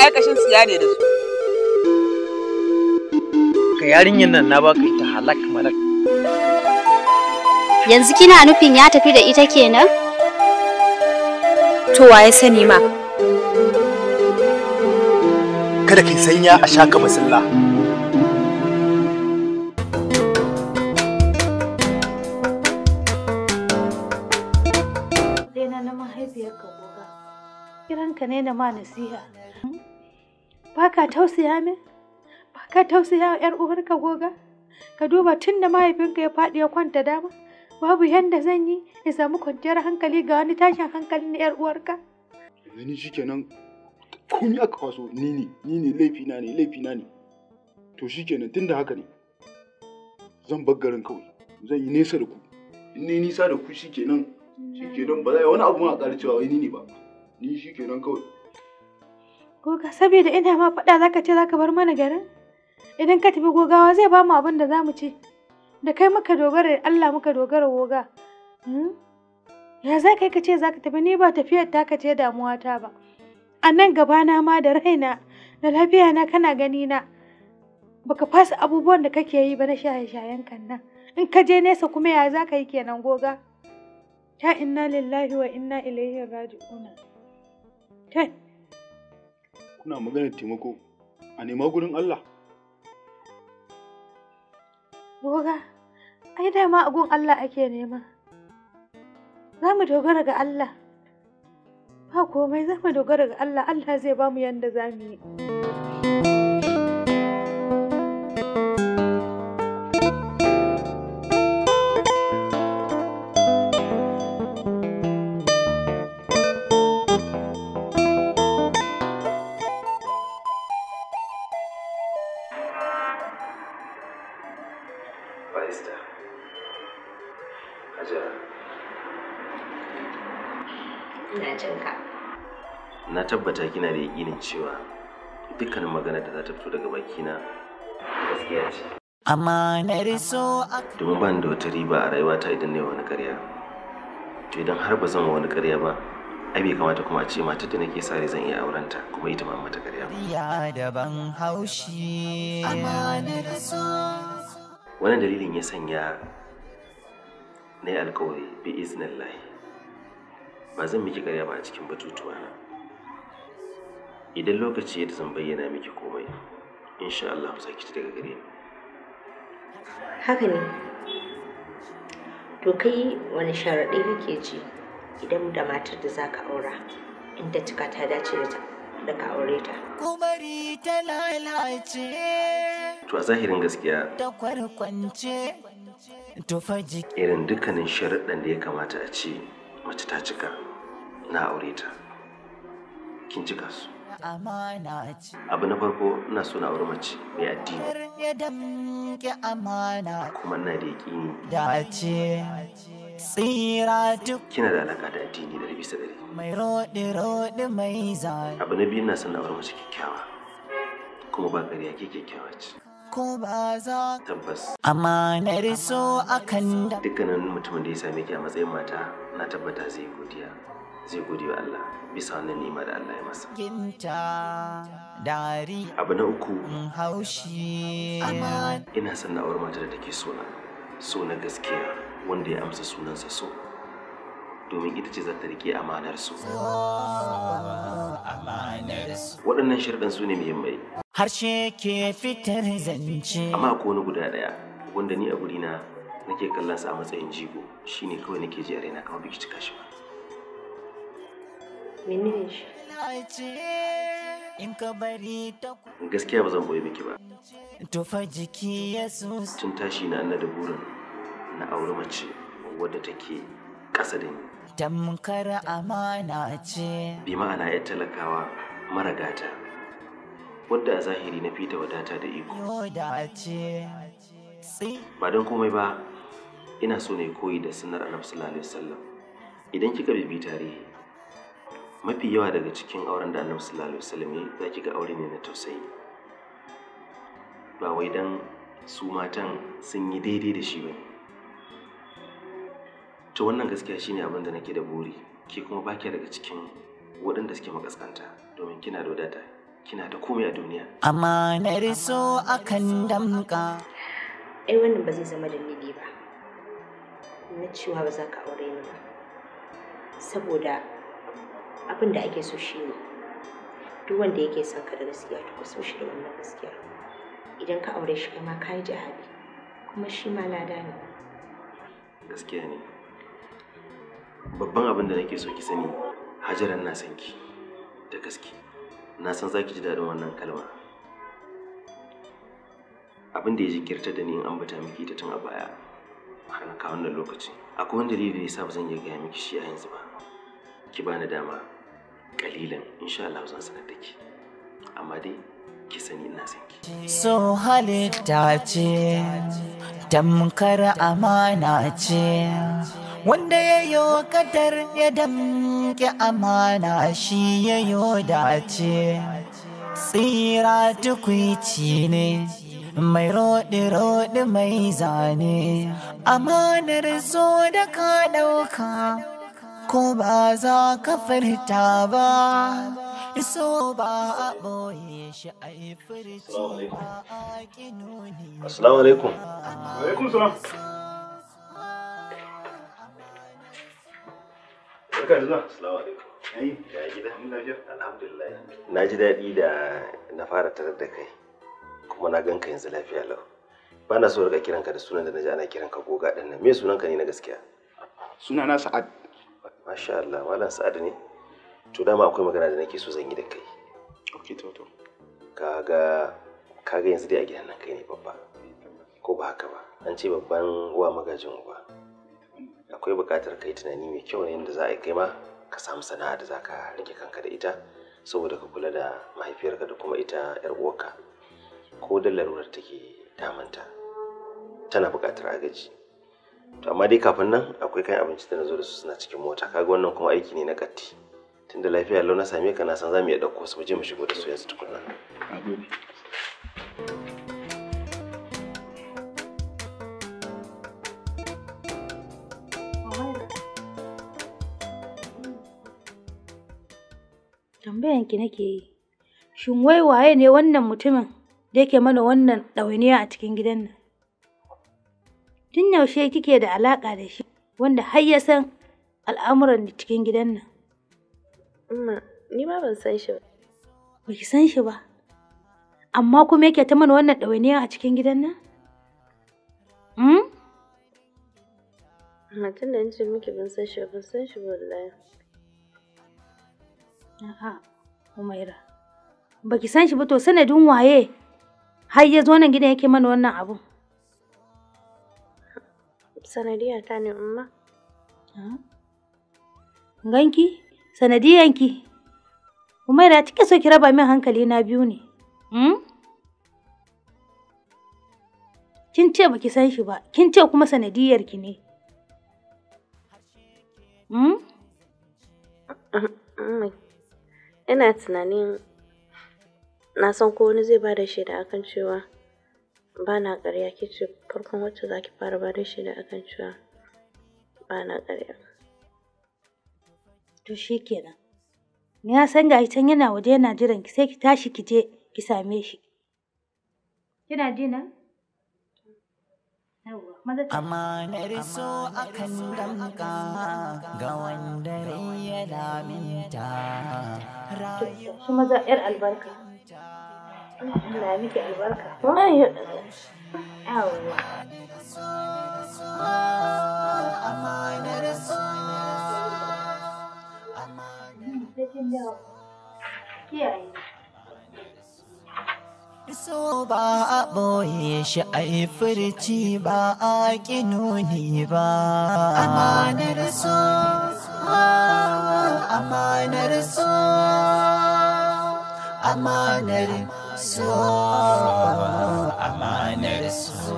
ai kashin su ne da su ka yarinyar nan na baka ita halak malak yanzu kina nufin ya tafi da ita kenan to waye sani ma kada kai sanya a shaka masalla Kiranka ne na ma nasiha. ba ka tausaya min ba ka tausaya wa ‘yar uwarka goga ka duba tun da mahaifinka ya faɗi ya kwanta dama babu yadda zan yi ya samu kwanciyar hankali ga wani tashin hankali na ‘yar uwarka. Gani shikenan kun komi aka kwaso ni ne ni ne laifina ne laifina ne to shikenan tun da haka ne zan bar garin kawai zan yi nesa da ku in ne nisa da ku shikenan, shikenan ba za a yi wani abu ma a ƙara cewa wai ni ne ba ni shikenan kawai. Goga saboda ina ma faɗa za ka ce za bar mana garin? Idan ka tafi gogawa zai ba mu abin da za mu ce. Da kai muka dogara da Allah muka dogara goga. Hmm? Ya za ka yi ka ce za ka tafi ni ba tafiyar ta ka ce damuwata ba. A nan na ma da raina da lafiya na kana gani na. Baka fasa abubuwan da kake yi ba na shaye-shayen kan nan. In ka je nesa kuma ya za ka yi kenan goga? Ta inna lillahi wa inna ilaihi raji'una. kuna magana taimako a nema gurin Allah goga ai dama gun Allah ake nema za mu dogara ga Allah ba komai za mu dogara ga Allah Allah zai ba mu yanda za mu yi barista hajiya ina na tabbata kina da yakinin cewa dukkanin magana da za ta fito daga bakina gaskiya ce amma na riso domin ban da wata riba a ta idan na yi wani karya to idan har ba zan wa wani karya ba ai bai kamata kuma a ce matar da nake sare zan iya aurenta kuma ita ma mata karya ya daban haushi amma na riso Wani dalilin ya sanya na yi alkawari bi iznillahi ba zan miki karya ba a cikin batutuwa na idan lokaci ya zan bayyana miki komai insha Allah ku ki daga gare ni haka ne to kai wani sharaɗi kake ji idan da matar da zaka aura inda cika ta dace da ta da ka aure ta. Kumari ta lalace. To a zahirin gaskiya. Ta kwarkwance. To jiki. Irin dukkanin sharuɗan da ya kamata a ce mace ta cika na aure ta. Kin cika su. Abu na farko ina so na aure mace mai addini. Kuma na da yaƙini. Dace. Tsira duk. Kina da alaƙa da addini da bisa dari. mai rode-rode mai zai abu na biyu na son aure mace kyakkyawa kuma ba gari ke kyakkyawa ce ko ba za tabbas amma na riso akan da dukkanin mutumin da ya same ki a matsayin mata na tabbata zai godiya zai godiya Allah bisa wannan nima da Allah ya masa ginta dari abu na uku haushi ina son na mata da take so na so na gaskiya wanda ya amsa sunansa so domin ita ce zata rike riƙe amanarsu. Waɗannan sharɗin su ne muhimmai. Harshe ke fitar zance. Amma ko wani guda ɗaya wanda ni a guri na nake kallon sa a matsayin jigo shine kawai nake ji a raina kamar biki cika shi ba. shi? Gaskiya ba zan boye miki ba. Tufa jiki Yesus. Tun tashi na na da burin na auri mace wadda take ƙasa da ni. tamkar amana ce bi ma'ana ya talakawa mara gata wadda a zahiri na fita wadata da iko ba don komai ba ina so ne koyi da sunar annabi sallallahu alaihi wasallam idan kika bibi tarihi mafi yawa daga cikin auren da annabi sallallahu alaihi wasallam ya za ki ga aure ne na tausayi ba wai dan su matan sun yi daidai da shi bane to wannan gaskiya shine abin da nake da buri ke kuma baki daga cikin waɗanda suke makaskanta domin kina da wadata kina da komai a duniya amma na riso akan damka ai wannan ba zai zama dalili ba na cewa ba za ka aure ni ba saboda abin da ake so shi ne duk wanda yake son ka da gaskiya to ka so shi da wannan gaskiya idan ka aure shi kai ma ka yi jihadi kuma shi ma lada ne gaskiya ne babban abin da nake so ki sani hajaran na san ki da gaske na san za ki ji daɗin wannan kalma abin da ya jikirta da ni in an bata miki ta tun a baya har na kawo wannan lokaci akwai wani dalili da ya sa zan iya gaya miki shi a yanzu ba ki ba ni dama kalilan insha Allah zan sanar da ki amma dai ki sani ina san ki so halitta ce tamkar amana ce wanda ya yo kadar ya damke amana shi ya yo dace tsira tukwici ne mai roɗe roɗe mai zane amanar so da ka ɗauka ko ba za ka furta ba so ba a ɓoye shi a yi furci a nuni. alaikum. Alaikum salam. Na ji daɗi da na fara tarar da kai, kuma na ganka yanzu lafiya lau. Ba na so kiran ka da sunan da na ji ana kiranka goga ɗin nan. Me sunanka ne na gaskiya? Sunana Sa'ad. Masha Allah, Malam Sa'ad ne? To dama akwai magana da nake so zan yi da kai. Ok, to to. Kaga kaga yanzu dai a gidan nan kai ne babba. Ko ba haka ba? An ce babban wa magajin uba. akwai buƙatar kai tunani mai kyau na yadda za a kai ma ka samu sana'a da za ka rike kanka da ita saboda ka kula da mahaifiyarka da kuma ita 'yar uwarka ko da larurar take damanta tana buƙatar agaji to amma dai kafin nan akwai kayan abinci da na zo da su suna cikin mota kaga wannan kuma aiki ne na katti tunda lafiya lau na same ka na san za mu iya ɗauko su mu je mu shigo da su yanzu tukunna. Thank tambayan ki nake yi. Shin wai waye ne wannan mutumin da yake mana wannan ɗawainiya a cikin gidan nan? Tun yaushe kike da alaƙa da shi wanda har ya san al'amuran cikin gidan nan? Amma ni ma ban san shi ba. Ba ki san shi ba. Amma kuma yake ta mana wannan ɗawainiya a cikin gidan nan? Hmm? Amma tun da miki ban san shi ba, ban san shi ba wallahi. A'a. Umaira. Baki san shi ba to sanadin waye har ya zo nan gidan yake mana wannan abu. Sanadiyar ta ne umma. Ah. Ganki sanadiyanki. Umaira kike so ki raba min hankali na biyu ne. Hmm? Kin ce baki san shi ba, kin ce kuma sanadiyar ki ne. Hmm? ina tunanin na san ko wani zai bada shaida akan cewa ba na ƙarya ke ce farkon wacce za ki fara bada shaida akan cewa ba na ƙarya. To shi kenan. Ya san ga can yana waje yana jiran ki sai ki tashi ki je ki same shi. Kina ji nan? Amanar akan damka ga wanda ya laminta rayuwa. Kuma ‘yar albarka. Allah ya miki albarka. Yawwa. Amanar so. Amanar so. Kiyaye. so ba a boye shi a yi furci ba a ƙi nuni ba. Amanar so, amanar so, amanar so, amanar so.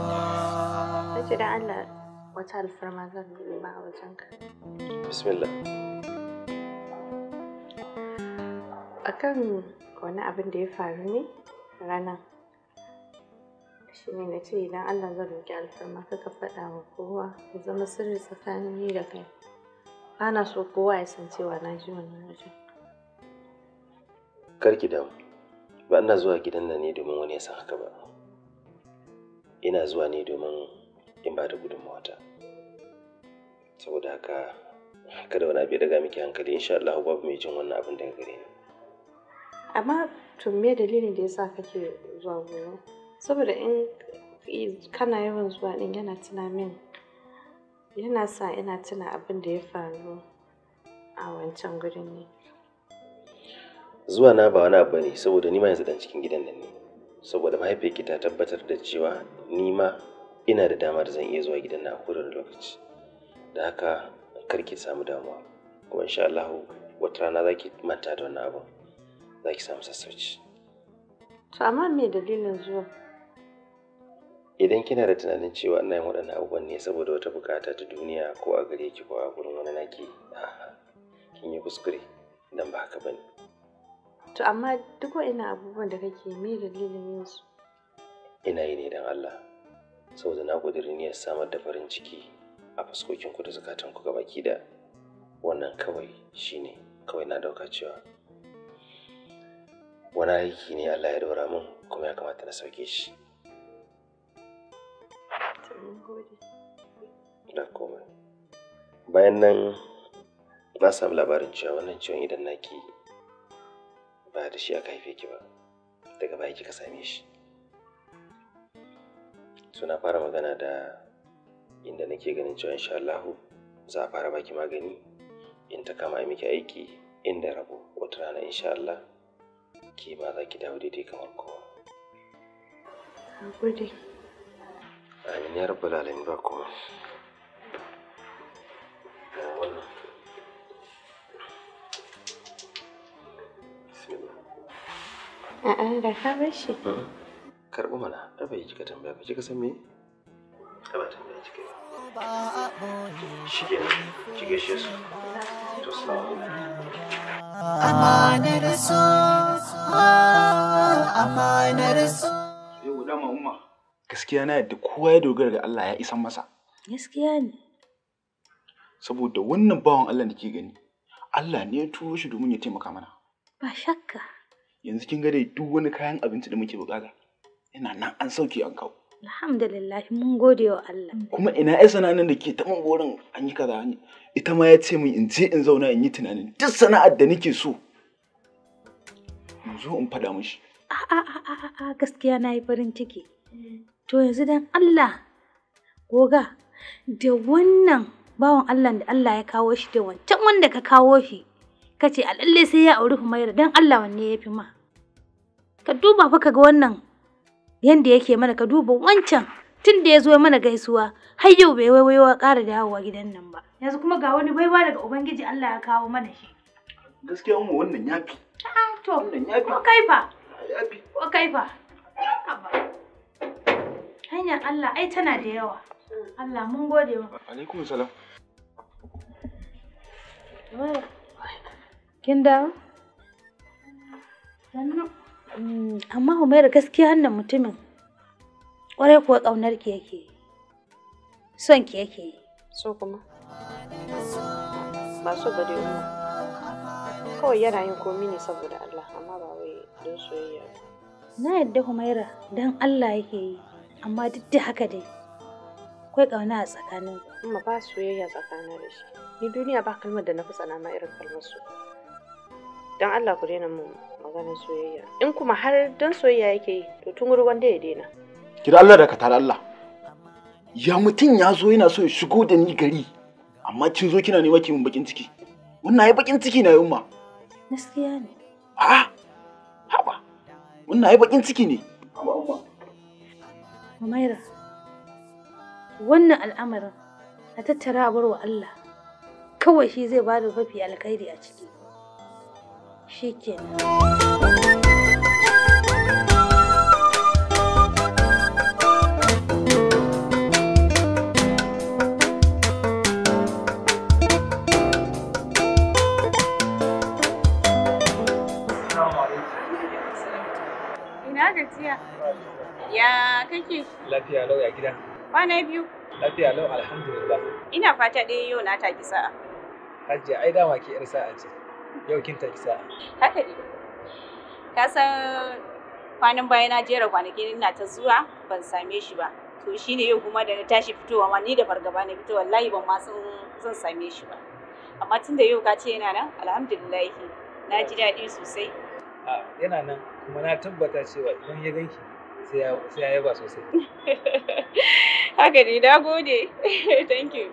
Sace da Allah wata alfarma zan nema a ka. Bismillah. Akan wani abin da ya faru ne? rana shi ne na ce idan Allah zan roƙi alfarma kaka faɗa wa kowa ya zama sirri tsakanin ni da kai ana so kowa ya san cewa na ji wannan wajen karki damu ba ina zuwa gidan nan ne domin wani ya san haka ba ina zuwa ne domin in ba da gudunmawata saboda haka kada wani abu ya daga miki hankali insha Allah babu mai jin wannan abin daga gare ni Amma to me dalilin da yasa kake zuwa gona Saboda in kana yawan zuwa din yana tuna min, yana sa ina tuna abin da ya faru a wancan gurin ne. Zuwa na ba wani abu ne saboda ni ma yanzu dan cikin gidan nan ne. Saboda mahaifiyarki ta tabbatar da cewa ni ma ina da damar zan iya zuwa gidan na a kowane lokaci. Da haka kar ki samu damuwa. Kuma insha Allahu wata rana za ki manta da wannan abun. za ki samu sassauci to amma me dalilin zuwa idan kina da tunanin cewa ina yin waɗannan abubuwan ne saboda wata bukata ta duniya ko a gare ki ko a gurin wani naki kin yi kuskure dan ba haka bane to amma duk waɗannan abubuwan da kake me dalilin yin ina yi ne don Allah saboda na ƙudiri niyyar samar da farin ciki a fuskokin ku da zakatan ku gabaki da wannan kawai shine kawai na ɗauka cewa wani aiki ne Allah ya dora mun kuma ya kamata na sauke shi da bayan nan na samu labarin cewa wannan ciwon idan naki ba da shi aka haife ki ba daga baya kika same shi suna fara magana da inda nake ganin cewa insha Allah za a fara baki magani in ta kama miki aiki inda rabo wata rana insha Allah ke ba za ki dawo daidai kamar kowa na gode amin ya rabu lalani ba kuma a'a da ka bar shi karɓi mana ta bai kika tambaya ba kika san me ta ba tambaya kika ba shi kenan kike shi su to salamu alaikum Amanar so, ah, amanar so. Yau dama umma. Gaskiya na yadda kowa ya dogara ga Allah ya isan masa. Gaskiya ne. Saboda wannan bawan Allah da ke gani, Allah ne ya turo shi domin ya taimaka mana. Ba shakka. Yanzu kin ga dai duk wani kayan abinci da muke bukata. Yana nan an sauke an kawo. Alhamdulillah mun gode wa Allah. Kuma ina ai sana'an da ke taɓa burin an yi kaza ita ma ya ce min in je in zauna in yi tunanin duk sana'ar da nake so. Zo in faɗa mishi. A'a gaskiya na yi farin ciki. To yanzu dan Allah goga da wannan bawan Allah da Allah ya kawo shi da wancan wanda ka kawo shi ka ce a lalle sai ya auri Humaira dan Allah wanne ya fi ma. Ka duba fa ka ga wannan yanda yake mana ka duba wancan tun da ya zo mana gaisuwa har yau bai waiwaiwa ƙara dawowa gidan nan ba yanzu kuma ga wani baiwa daga ubangiji Allah ya kawo mana shi gaskiya mu wannan yafi a'a ah, to ko kai fa yafi ko kai fa hanyar Allah ai tana da yawa Allah mun gode wa alaikum salam kin dawo Mm, amma Umaira gaskiya nan mutumin ƙwarai kuwa ƙaunar ki yake Son ki yake So kuma. Ba so ba dai umma. Kawai yana yin komi ne saboda Allah amma ba wai don soyayya ba. Na yadda Humaira don Allah yake yi amma duk da haka dai kai ƙauna a tsakanin. amma ba soyayya tsakanin da shi. Ni duniya ba kalmar da na fi tsana ma irin kalmar su. don Allah ku daina mu maganar soyayya in kuma har don soyayya yake yi to tun ruwan da ya daina kira Allah da katar Allah ya mutum ya zo yana so ya shigo da ni gari amma kin zo kina neman kimin bakin ciki wannan ai bakin ciki na yumma gaskiya ne a haba wannan ai bakin ciki ne Umaira wannan al'amarin a tattara a barwa Allah kawai shi zai bada mafi alkhairi a ciki shikenan Ina gajiya? Ya kake? Lafiya lau ya gida. Kwana biyu. Lafiya lau alhamdulillah. Ina fata dai yau na taki sa'a. Hajiya ai dama ke 'yar sa'a ce. Yau kin ta sa'a. Haka ne. Ka san kwanan baya na jera kwanaki ina ta zuwa ban same shi ba. To shi ne yau kuma da na tashi fitowa ma ni da fargaba na fito wallahi ban ma san zan same shi ba. Amma tunda yau ka ce yana nan alhamdulillah na ji daɗi sosai. yana nan kuma na tabbata cewa idan ya ganki sai ya yaba sosai. Haka ne, na gode. Thank you.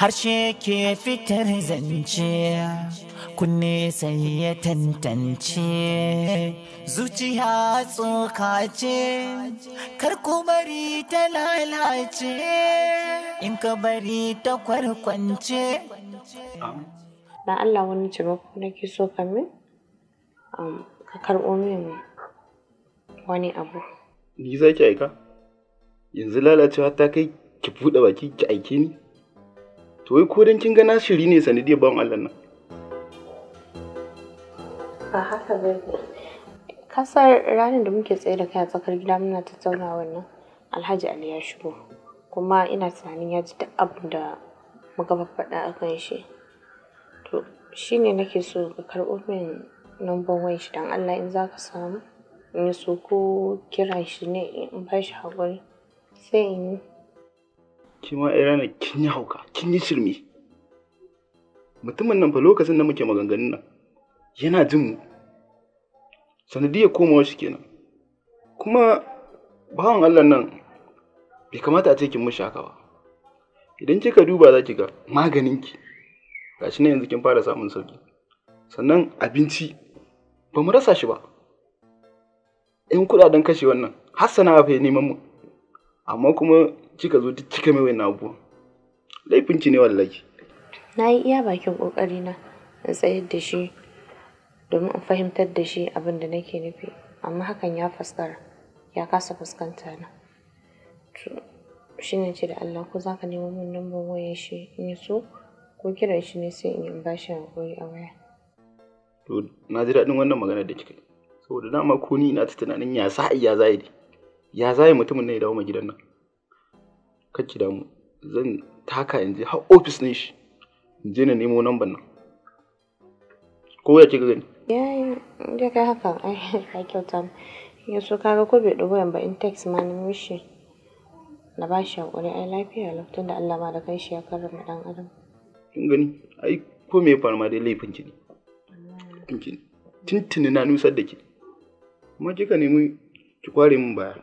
harshe ke fitar zance kunne sai ya tantance zuciya tsoka ce kar ku bari ta lalace in ka bari ta kwarkwance na Allah wani taimako ke so ka min ka karɓo min wani abu ni za ki aika yanzu lalacewa ta kai ki buɗe baki ki aike ni to wai ko dan kin ga na shiri ne sanadiyar bawan Allah nan a haka ba kasar ranar da muke tsaye da kai a tsakar gida muna tattauna wannan alhaji ali ya shigo kuma ina tunanin ya ji duk abin da muka faɗa a kan shi to shine nake so ka karɓo min numban wayan shi dan Allah in zaka samu in so ko kira shi ne in ba shi haƙuri sai in yi kima ya Irana kin yi hauka, kin yi shirme. Mutumin nan fa lokacin da muke maganganun nan yana jin mu. Sanadiyar komawa shi kenan. Kuma bawan Allah nan bai kamata a ce kin mushi haka ba. Idan kika duba za ki ga maganinki. Gashi ne yanzu kin fara samun sauki. Sannan abinci ba mu rasa shi ba. ‘Yan kuɗaɗen kashe wannan, Hassana fa ya neman mu. Amma kuma kika zo duk kika mai wannan abu laifin ki ne wallahi na yi iya bakin kokari na in tsayar da shi domin in fahimtar da shi abin da nake nufi amma hakan ya faskara ya kasa fuskanta na shi ne ce da Allah ko zaka nemo min lambar wayar shi in so ko kiran shi ne sai in ba shi hakuri a waya to na ji daɗin wannan magana da kika saboda dama ko ni ina ta tunanin ya sa'i ya zai ya zai mutumin ne ya dawo ma gidan nan kake damu zan taka yanzu har ofis ne shi in je na nemo namban nan ko ya kika gani yayi da kai haka ai ka kyauta ya so kaga ko bai dogo ba in text ma na mishi na ba shi hakuri ai lafiya laftun da Allah ma da kai shi ya karrama dan adam kin gani ai ko me faru ma dai laifin ki ne kin tuntuni na nusar da ki amma kika nemi ki kware min baya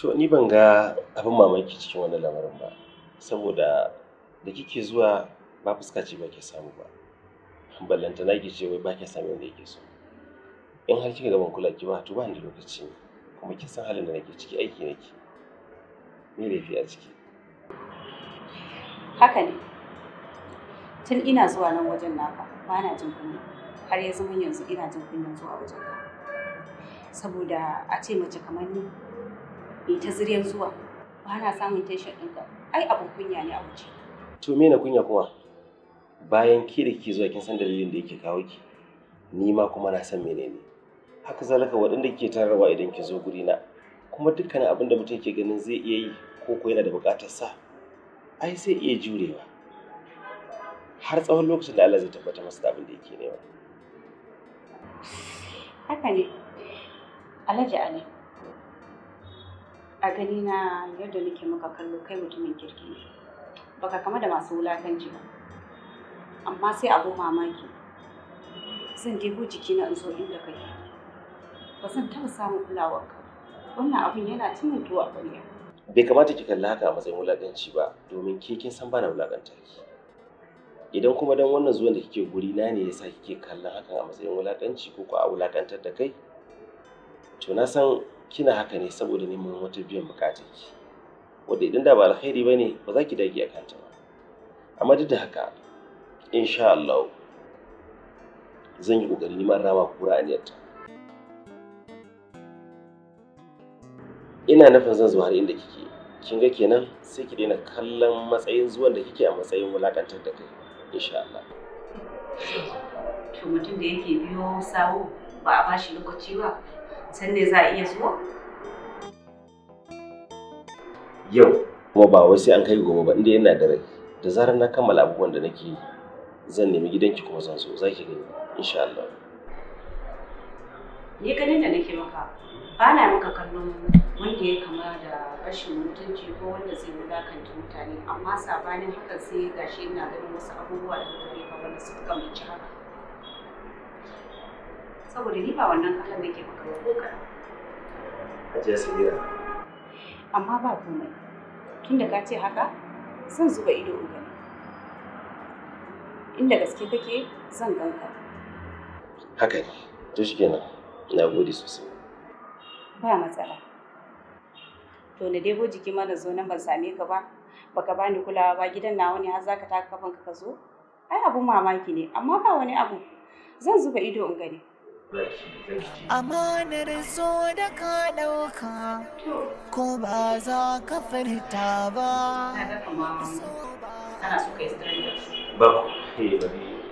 To ni ban ga abin mamaki cikin wannan lamarin ba, saboda da kike zuwa ba fuska ce ba ke samu ba. na ke ce wai ba ke samun da yake so. In har kika ga ban kula ki ba to ba ni da lokaci ne. Kuma kin san halin da nake ciki aiki nake. Me laifi a ciki? Haka ne. Tun ina zuwa nan wajen naka ba na jin kunya. Har ya zama yanzu ina jin kunya zuwa wajen ka. Saboda a ce mace kamar ni ne ta ziryan zuwa ba na samun tension ɗinka ai abin kunya ne a wuce. To me na kunya kuma bayan ki da ki zuwa kin san dalilin da yake kawo ki ni ma kuma na san menene haka zalaka waɗanda ke tararwa idan ki zo guri na kuma dukkanin abin da mutum ke ganin zai iya yi ko ko yana da buƙatar sa ai sai iya jurewa har tsawon lokacin da Allah zai tabbata masa da abin da yake nema. Haka ne, Alhaji Ali. a gani na yadda nake maka kallo kai mutumin kirki ne baka kama da masu wulakanci ba amma sai abu mamaki zan debo jiki na zo inda kake ba zan taɓa samun kulawar ka wannan abin yana cin tuwa ƙwarya bai kamata ki kalla haka a matsayin wulakanci ba domin ke kin san bana wulakanta ki idan kuma dan wannan zuwan da kike guri na ne yasa kike kallon hakan a matsayin wulakanci ko ko a wulakantar da kai to na san kina haka ne saboda neman wata biyan bukatar ki wanda idan da ba alkhairi bane ba za ki dage a kanta ba amma duk da haka insha Allah zan yi kokari neman rama kura a niyyarta. ina nufin zan zuwa har inda kike kin ga kenan sai ki daina kallon matsayin zuwan da kike a matsayin wulakantar da kai insha Allah to mutum da yake biyo sawo ba a bashi lokaci ba san ne za a iya zuwa? Yau kuma ba wai sai an kai gobe ba inda yana da rai. Da zarar na kammala abubuwan da nake yi zan nemi gidanki kuma zan so za ki gani insha Allah. Ni ganin da nake maka ba na maka kallon wanda ya kama da rashin mutunci ko wanda zai wulakanta mutane amma sabanin haka sai gashi ina ganin wasu abubuwa da kare ba wanda suka kamace haka. saboda ni ba wannan kallon da maka ba ko karan Hajiya Samira amma ba komai tunda ka ce haka zan zuba ido in gani inda gaske kake zan ganka haka ne to shikenan na gode sosai ba matsala to na debo jiki mana zo nan ban same ka ba baka bani kulawa ba gidan nawa ne har zaka taka kafan ka zo ai abun mamaki ne amma ba wani abu zan zuba ido in gani Amanar so da ka ɗauka ko ba za ka furta ba. Ba ku ke ba ne.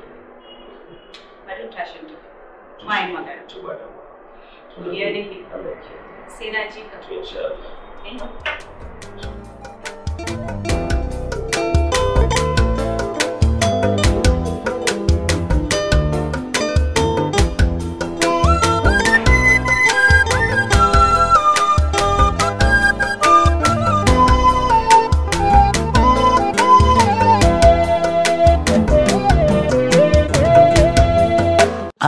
Bari tashin ta. Mai magana. Tuba da. Tuba da. Sai na ji ka. Tuba da.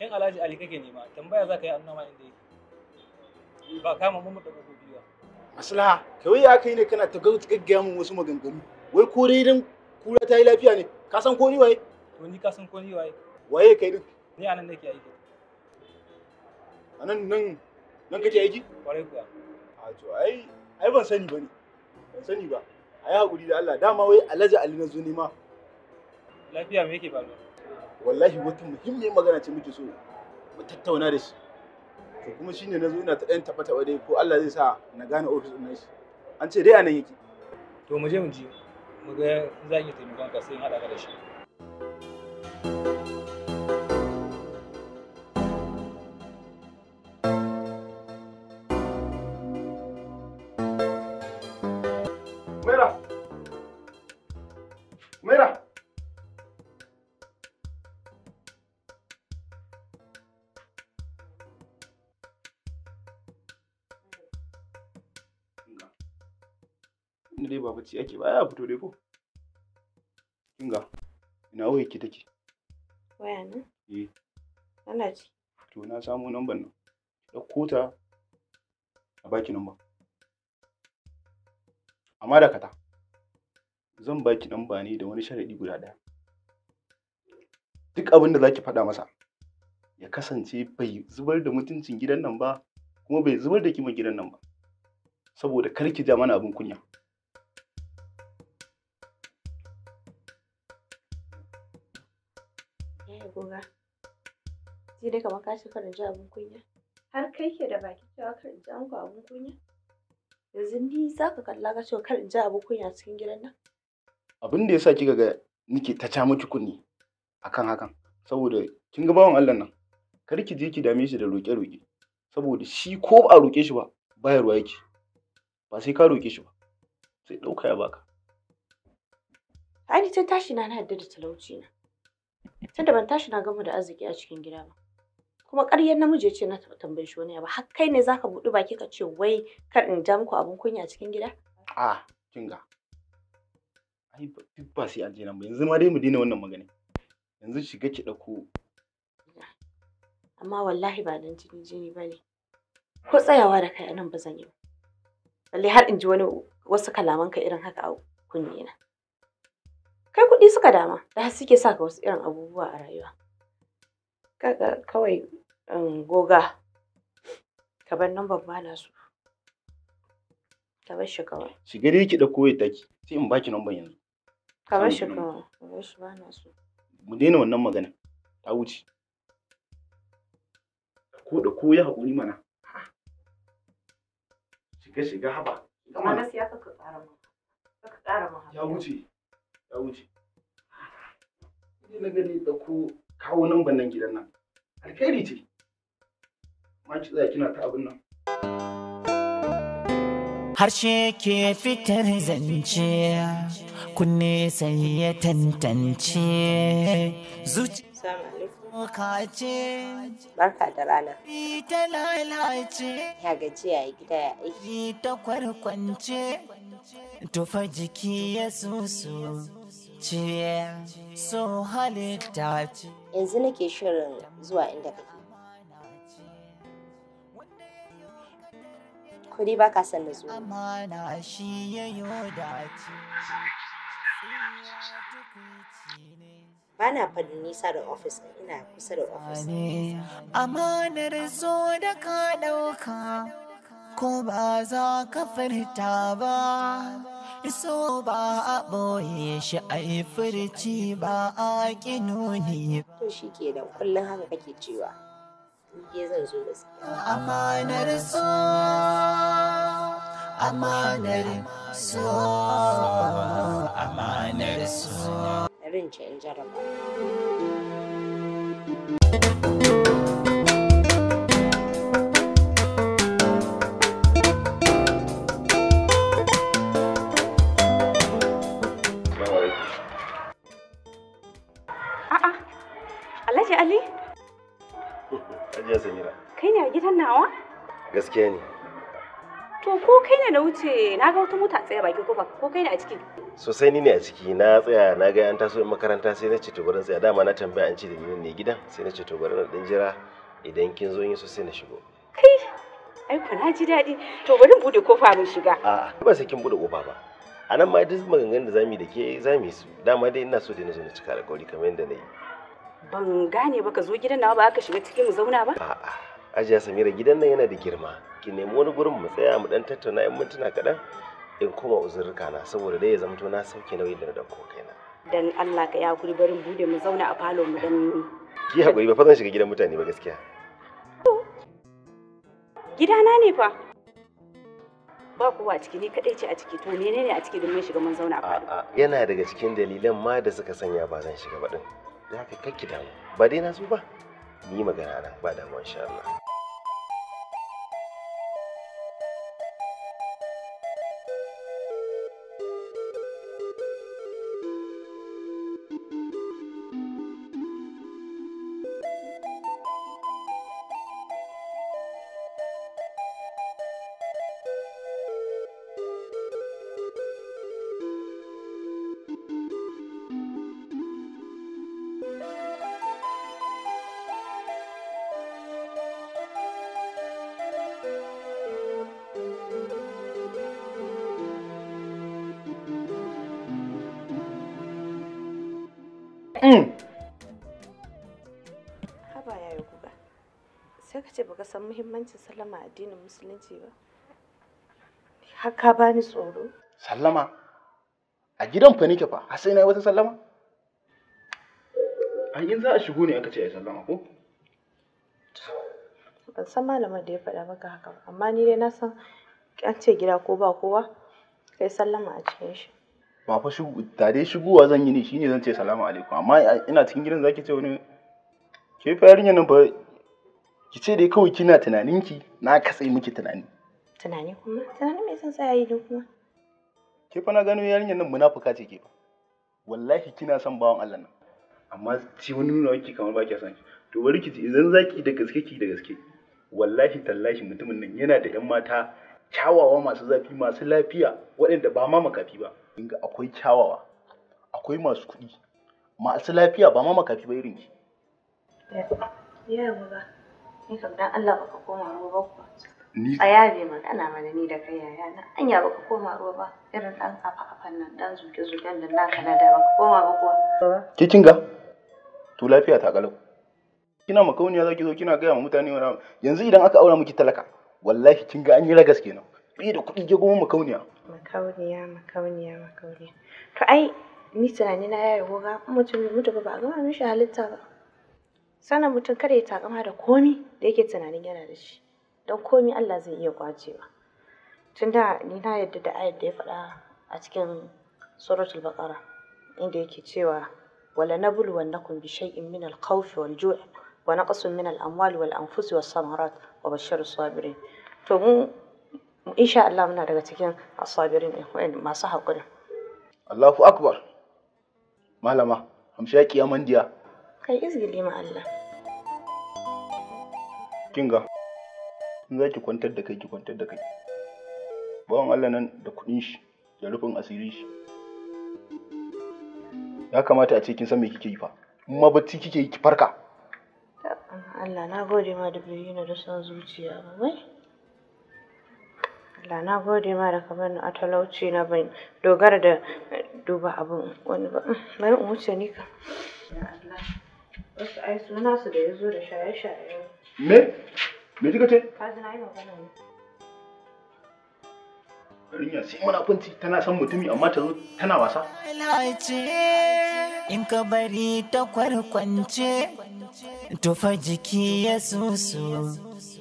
in alhaji ali kake nema tambaya za ka yi annoma inda yake ba kama mu da gobe ba maslaha kawai ya kai ne kana ta gaggaya mun wasu maganganu wai ko dai kura ta yi lafiya ne ka san ko ni waye to ni ka san ko ni waye waye kai duk ni anan nake aiki anan nan nan kake aiki kwarai kuwa a to ai ai ban sani bane ban sani ba ai hakuri da Allah dama wai alhaji ali na zo nema lafiya me yake faruwa wallahi wata muhimmiyar magana ce muke so mu tattauna da shi to kuma shine na zo ina ta ɗan taɓa taɓa dai ko Allah zai sa na gane ofis ɗin shi an ce dai a nan yake to mu je mu ji mu ga za a iya taimakon ka sai in haɗa ka da shi bacci ake ba ya fito dai ko kinga ina wayar ki take waya ne eh ana ci to na samu number nan da kota a baki number amma da kata zan baki number ne da wani sharadi guda daya duk abin da zaki faɗa masa ya kasance bai zubar da mutuncin gidan nan ba kuma bai zubar da kima gidan nan ba saboda kar ki ja mana abin kunya Oga, sai dai kamar ka ce kar in ji abin kunya. Har kai ke da baki cewa kar in ji ango abin kunya? Yanzu ni za ka kalla ka ce kar in ji abin kunya cikin gidan nan? Abin da ya sa kika ga nike ta ca miki kunni akan hakan saboda kin ga bawan Allah nan kar ki je ki dame shi da roƙe-roƙe saboda shi ko ba roke roƙe shi ba bayarwa yake ba sai ka roƙe shi ba sai ɗauka ya baka. Ai ni tashi na na yadda da talauci na. tunda ban tashi na gama da arziki a cikin gida ba kuma ƙaryar namiji ya ce na tambaye shi wani abu har kai ne zaka buɗi baki ka ce wai kar in ja muku abin kunya a cikin gida a kinga ai duk ba sai an je nan ba yanzu ma dai mu daina wannan magana yanzu shiga ki ɗauko amma wallahi ba dan jini jini bane ko tsayawa da kai anan ba zan yi ba balle har in ji wani wasu kalaman ka irin haka a na. kai kuɗi suka dama da suke sa ka wasu irin abubuwa a rayuwa kaga kawai um, goga ka bar nan babba na su ka bar shi kawai shiga dai ki da koyi take sai in baki nan yanzu ka bar shi kawai ka bar shi ba na su mu daina wannan magana ta wuce ko da ko ya haƙuri mana shiga shiga haba kamar na siyasa ka ƙara mun ƙara mun ya wuce ya wuce na gani da ku kawo namban nan gidan nan alkhairi ce ma za kina ta abin nan harshe ke fitar zance kunne sai ya tantance zuci Barka da rana. Ya gajiya ya gida ya aiki. Ta kwarkwance, tufa jiki ya susu. so yanzu nake shirin zuwa inda kake kudi ba ka san na zuwa amana shi ya yi dace ba na faɗi nisa da ofis ina kusa da ofis amanar zo da ka ɗauka ko ba za ka furta ba so ba a boye shi a yi furci ba a ƙi nuni. To shi ke da kullum haka kake cewa. Ke zan zo gaskiya. Amanar so, amanar so, amanar so. Rince in jarraba. gaskiya ne to ko kai ne na wuce na ga wata mota tsaye bakin kofa ko kai ne a ciki sosai ni ne a ciki na tsaya na ga an taso in makaranta sai na ce to gurin tsaya dama na tambaya an ce da ni ne gidan sai na ce to gurin dan jira idan kin zo yin so sai na shigo kai ai ku na ji daɗi to bari in bude kofa mun shiga a'a ba sai kin bude kofa ba a nan ma duk maganganun da zamu yi da ke zamu yi su dama dai ina so dai na zo na cika alƙawari kamar yadda na yi ban gane ba ka zo gidan nawa ba ka shiga cikin mu zauna ba a'a hajiya samira gidan nan yana da girma ki nemi wani gurin mu tsaya mu dan tattauna yan mintuna kaɗan in koma uzurruka na saboda dai ya zamto na sauke nauyin da na dauko kaina dan Allah ka ya guri barin bude mu zauna a falo mu dan ki hakuri ba fa zan shiga gidan mutane ba gaskiya gidana ne fa ba kowa a ciki ne kadai ce a ciki to ne ne a ciki don mun shiga mun zauna a falo yana daga cikin dalilan ma da suka sanya ba zan shiga ba din da haka kakki damu ba dai na so ba ni magana nan ba damuwa insha Allah san muhimmancin sallama addinin musulunci ba haka bani tsoro sallama a gidan fa nake fa sai na yi wata sallama a in za a shigo ne aka ce ai sallama ko ban san malamin da ya faɗa maka haka ba amma ni dai na san an ce gida ko ba kowa kai sallama a cikin shi ba fa shigo tare shigowa zan yi ne shine zan ce salamu alaikum amma ina cikin gidan zaki ce wani ke fa yarinya nan fa ki ce dai kawai kina tunaninki na katse miki tunani tunani kuma tunani mai zan tsaya ido kuma ke fa na gano yarinyar nan munafuka ce ke fa wallahi kina son bawan Allah nan amma ci wani nuna wanki kamar ba ki son shi to bari ki ci idan zaki da gaske ki da gaske wallahi tallahi mutumin nan yana da yan mata kyawawa masu zafi masu lafiya waɗanda ba ma makafi ba inga akwai kyawawa akwai masu kuɗi masu lafiya ba ma makafi ba irin ki ya ba Ni kam dan Allah baka koma ruwa ba Ni tsaya bai magana mana ni da kai yaya na. Anya baka koma ruwa ba irin dan afa afan nan dan zuke zuken da naka na da baka koma ba kuwa. Ki kin ga? To lafiya ta galau. Kina makauniya zaki zo kina gaya ma mutane wani yanzu idan aka aura miki talaka wallahi kin ga an yi ragas kenan. Bai da kuɗi ke goma makauniya. Makauniya makauniya makauniya. To ai ni tunani na ya yi goga mutum mutu ba a gama mishi halitta ba. sannan mutum kada ya takama da komi da yake tunanin yana da shi don komi Allah zai iya kwacewa tun da ni na yadda da ayat da ya faɗa a cikin suratul baqara inda yake cewa wala nablu wannakum bi shay'in min al-khawf wal ju' wa naqsun min al-amwal wal anfus was samarat wa as sabirin to mu insha Allah muna daga cikin asabirin masu haƙuri Allahu akbar malama hamshakiya amandiya. kai izgili ma Allah kinga in za ki kwantar da kai ki kwantar da kai bawan allah nan da kuɗin shi da rufin asirin shi ya kamata a ce kin san me kike yi fa in ma bacci kike yi ki farka Allah na gode ma da bai na da zuciya ba wai Allah na gode ma da kamar na talauci na ban dogara da duba abin wani ba bari in wuce ni ka wasu ai suna su da yazo da shaye-shaye Me? Me kika ce? Ka ji na yi Rinya sai munafunci tana son mutumi amma ta zo tana wasa. In ka bari ta kwarkwance, tufa jiki ya susu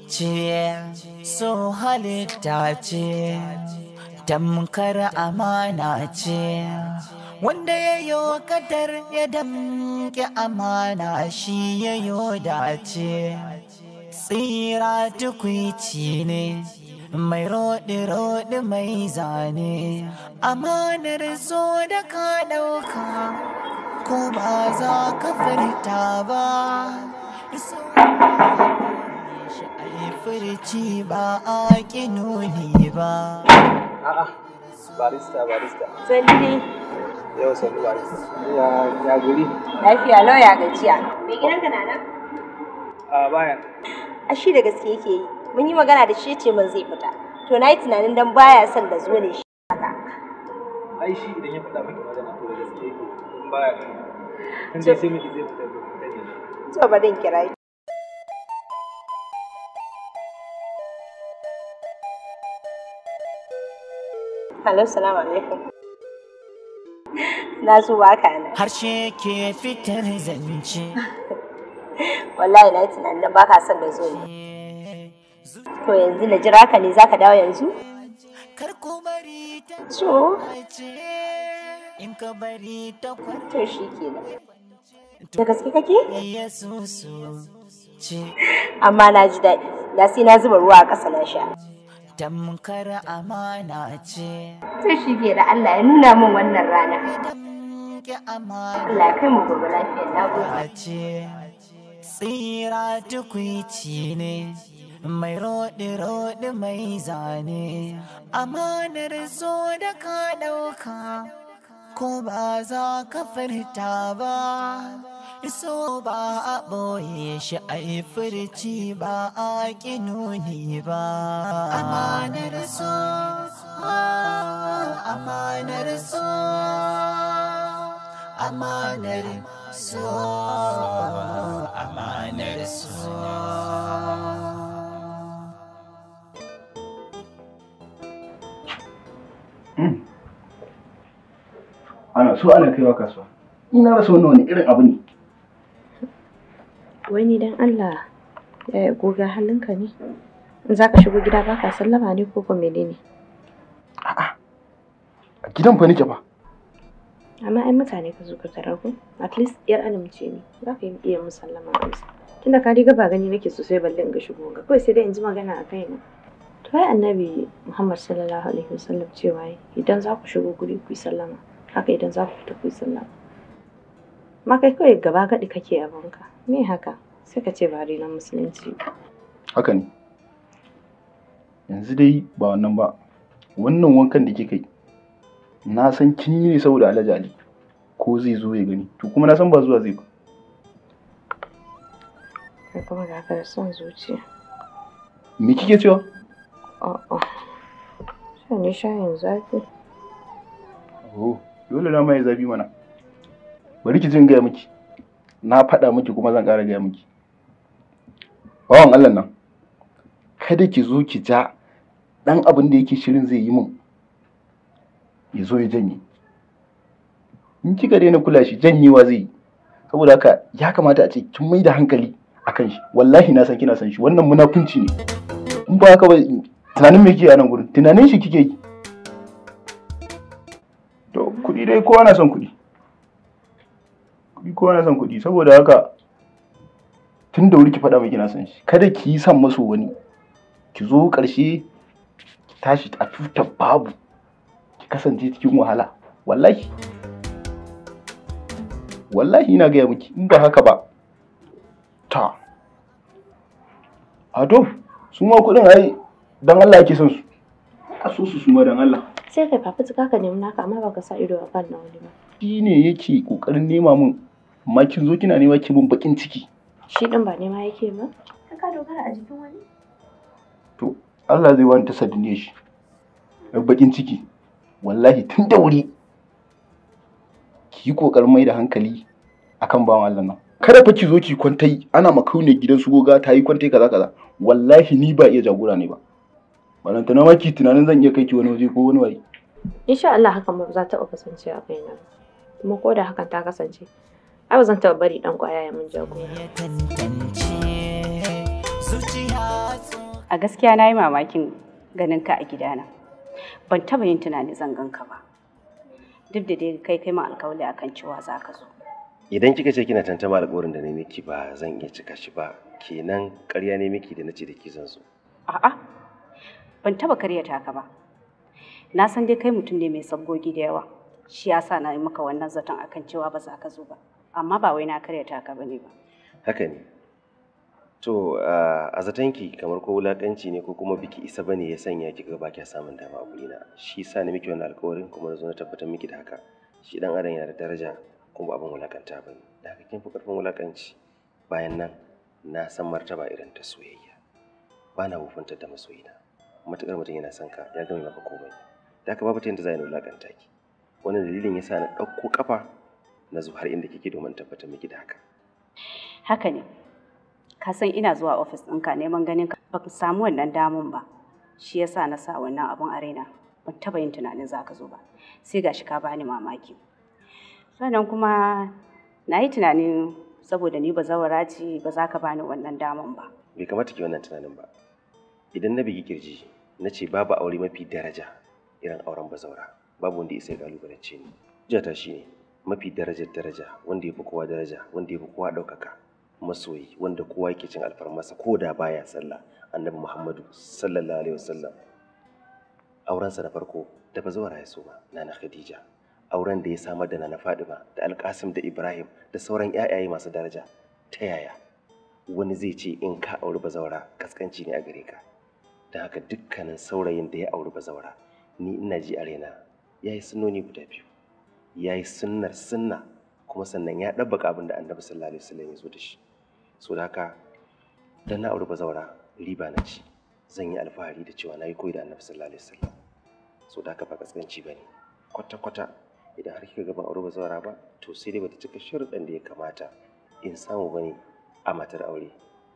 ce, so halitta ce, tamkar amana ce. wanda ya yi kadar ya damke amana shi ya yi dace. tsira tukwici ne mai roɗe-roɗe mai zane amanar zo da ka ɗauka ko ba za ka furta ba furci ba a ne ba barista barista sanni yau sanni barista ya ya guri lafiya lau ya gajiya me gidanka na nan a bayan a shi da gaske yake yi mun yi magana da shi ce mun zai fita to na yi tunanin dan baya son da zuwa ne shi haka ai shi idan ya fita miki magana to da gaske yake in baya kan dai sai miki zai fita to kai ne to ba dan kira Hello, salamu alaikum. Na su baka ne. Harshe ke fitar zance. wallahi na yi tunanin nan baka son da zo ne to yanzu na jira ka ne zaka dawo yanzu to to shi ke da gaske kake amma na ji daɗi da sai na zuba ruwa a ƙasa na sha tamkar amana ce to shi ke da Allah ya nuna min wannan rana Allah kai mu gobe lafiya na gode tsira tukwici ne mai roɗi-roɗi mai zane amanar zo da ka ɗauka ko ba za ka furta ba so ba a ɓoye shi a yi furci ba a nuni ba amanar so ah, amanar so amanar su amanar su hmm. ana so ana kaiwa kasuwa ina rasa wannan wani irin abu ne wani dan Allah ya yi goga halinka ne in za ka shigo gida ba ka sallama ne ko kuma menene a'a a gidan fa nake ba amma ai mutane ka zo ka tarar ku at least yar alimce ne za ka yi iya musallama amsa tunda ka riga ba gani nake sosai balle in ga shigo ga kawai sai dai in ji magana a kai ne. to ai annabi muhammad sallallahu alaihi wasallam cewa idan za ku shigo guri ku yi sallama haka idan za ku fita ku yi sallama ma kai kawai gaba gaɗi kake banka me haka sai ka ce ba na musulunci haka ne yanzu dai ba wannan ba wannan wankan da kike yi na san kin yi ne saboda alhaji ali ko zai zo ya gani to kuma na san ba zuwa zai ba kai kuma ga ka son zuciya me kike cewa a shan ne shayin zafi oh dole na mai zafi mana bari ki jin gaya miki na faɗa miki kuma zan ƙara gaya miki bawan allah nan kada ki zo ki ja ɗan abin da yake shirin zai yi min ya zo ya janye in kika daina kula shi janyewa zai yi saboda haka ya kamata a ce kin mai da hankali a kan shi wallahi na san kina san shi wannan munafunci ne in ba haka ba tunanin me kike a nan gurin tunanin shi kike yi to kuɗi dai kowa na son kuɗi kuɗi kowa na son kuɗi saboda haka tun da wuri ki faɗa mai kina san shi kada ki yi son maso wani ki zo ƙarshe ki tashi a tutar babu ki kasance cikin wahala wallahi wallahi ina gaya miki in ba haka ba ta ado su ma kuɗin ai dan Allah yake son su a so su su ma dan Allah sai kai fafi tuka ka nemi naka amma baka sa ido a kan na wani ba shi ne yake kokarin nema min amma kin zo kina nema ki min bakin ciki shi din ba nema yake ba ka dogara a jikin wani to Allah zai wani tasaddiye shi bakin ciki wallahi tun da wuri ki yi kokarin mai da hankali akan bawan Allah nan kada fa ki zo ki kwantai ana makaune gidan su goga ta yi kwantai kaza kaza wallahi ni ba iya jagora ne ba balanta na ki tunanin zan iya kai ki wani waje ko wani waje insha Allah hakan ba za ta kasance a kaina kuma ko da hakan ta kasance ai ba zan taɓa bari dan kwaya ya mun jagora a gaskiya na yi mamakin ganin ka a gidana ban taba yin tunanin zan ganka ba duk da dai kai kai ma alkawali akan cewa za ka zo idan kika ce kina tantama alƙawarin da na miki ba zan iya cika shi ba kenan ƙarya ne miki da nace da ki zan zo a'a ban taba ta ka ba na san dai kai mutum ne mai sabgogi da yawa shi yasa na yi maka wannan zaton akan cewa ba za ka zo ba amma ba wai na ta ka bane ba haka ne To a zatonki kamar ko wulakanci ne ko kuma biki isa bane ya sanya ki ga ba kya samun dama a na Shi sa ni miki wannan alƙawarin kuma na zo na tabbatar miki da haka. Shi dan adam yana da daraja kuma abin wulakanta bane. Da haka kin fi karfin wulakanci. Bayan nan na san martaba irin ta soyayya. Ba na bufuntar da masoyina. Matukar mutum yana son ka ya gama maka komai. Da haka babu ta yadda za a wulakanta ki. Wannan dalilin yasa na ɗauko kafa na zo har inda kike domin tabbatar miki da haka. Haka ne. ka san ina zuwa ofis ɗinka neman ganin ka ba samu wannan damun ba shi yasa na sa wannan abun a raina ban taba yin tunanin za ka zo ba sai gashi ka bani mamaki sannan kuma na yi tunanin saboda ni ba zawara ce ba za ka bani wannan damun ba bai kamata ki wannan tunanin ba idan na bigi kirji na ce babu aure mafi daraja irin auren bazaura babu wanda isa ya kalubalance ni jata shi ne mafi darajar daraja wanda ya fi kowa daraja wanda ya fi kowa ɗaukaka masoyi wanda kowa yake cin alfarmarsa ko da baya sallah annabi muhammadu sallallahu alaihi wasallam aurensa na farko da ba zuwa so ba nana khadija auren da ya samar da nana fadima da alkasim da ibrahim da sauran yayaye masu daraja ta yaya wani zai ce in ka auri bazaura, kaskanci ne a gare ka don haka dukkanin saurayin da ya auri bazaura ni ina ji a raina ya yi sunnoni guda biyu ya yi sunnar sunna kuma sannan ya ɗabbaka abinda annabi sallallahu alaihi wasallam ya zo da shi sodaka da na auri bazaura riba na ci zan yi alfahari da cewa na yi koyi da annabi sallallahu alaihi wasallam so da ba kaskanci bane kwata kwata idan har kika ga auri bazaura ba to sai dai bata cika sharuɗan da ya kamata in samu bane a matar aure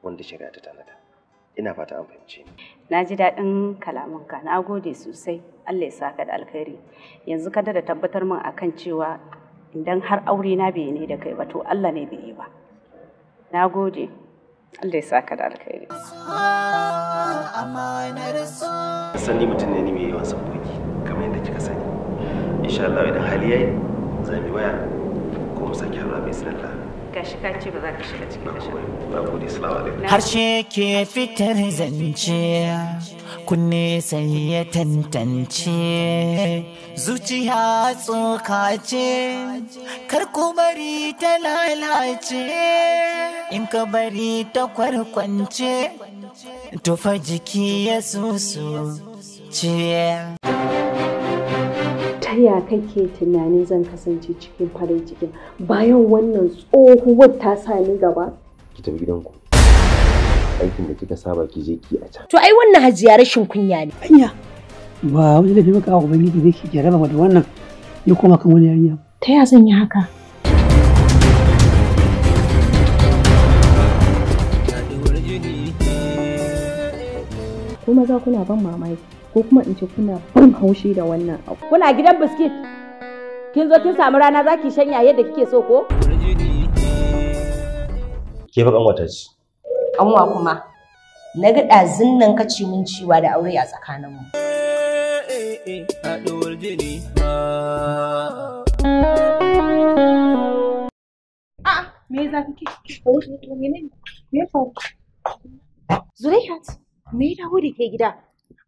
wanda shari'a ta tanada ina fata an fahimce ni na ji daɗin kalamanka na gode sosai Allah ya saka da alkhairi yanzu kada da tabbatar min akan cewa idan har aure na bai ne da kai ba to Allah ne bai yi ba Na gode. Allah ya saka da alkhairi. Sani mutum ne ni mai yawan sabboki kamar yadda kika sani. Insha Allah idan hali yayi za mu waya ko mu sake haɗuwa bai sanar harshe ke fitar zance kunne sai ya tantance zuciya tsoka ce kar bari ta lalace in ka bari ta kwarkwance tufa jiki ya susu ce ta ya kake tunanin zan kasance cikin farin cikin bayan wannan tsohuwar ta sa ni gaba ki tafi gidanku aikin da kika saba ki je ki a can to ai wannan hajiya rashin kunya ne anya ba wani da maka abu bangiji ne ki jaraba da wannan ya koma kan wani yarinya ta ya zan yi haka kuma za kuna ban mamaki ko kuma in ce kuna ban haushi da wannan abu kuna gidan biskit kin zo kin samu rana za ki shanya yadda kike so ko ke fa kanwata ce kanwa kuma na ga ɗazun nan ka ci min ciwa da aure a tsakaninmu haɗuwar me za ka ke Zulaihat, me dawo da ke gida?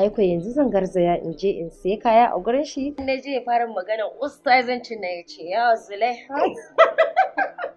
aiko yanzu zan garzaya in je in sai kaya a gurin shi na je fara magana ustazancin na ya ce yawa zule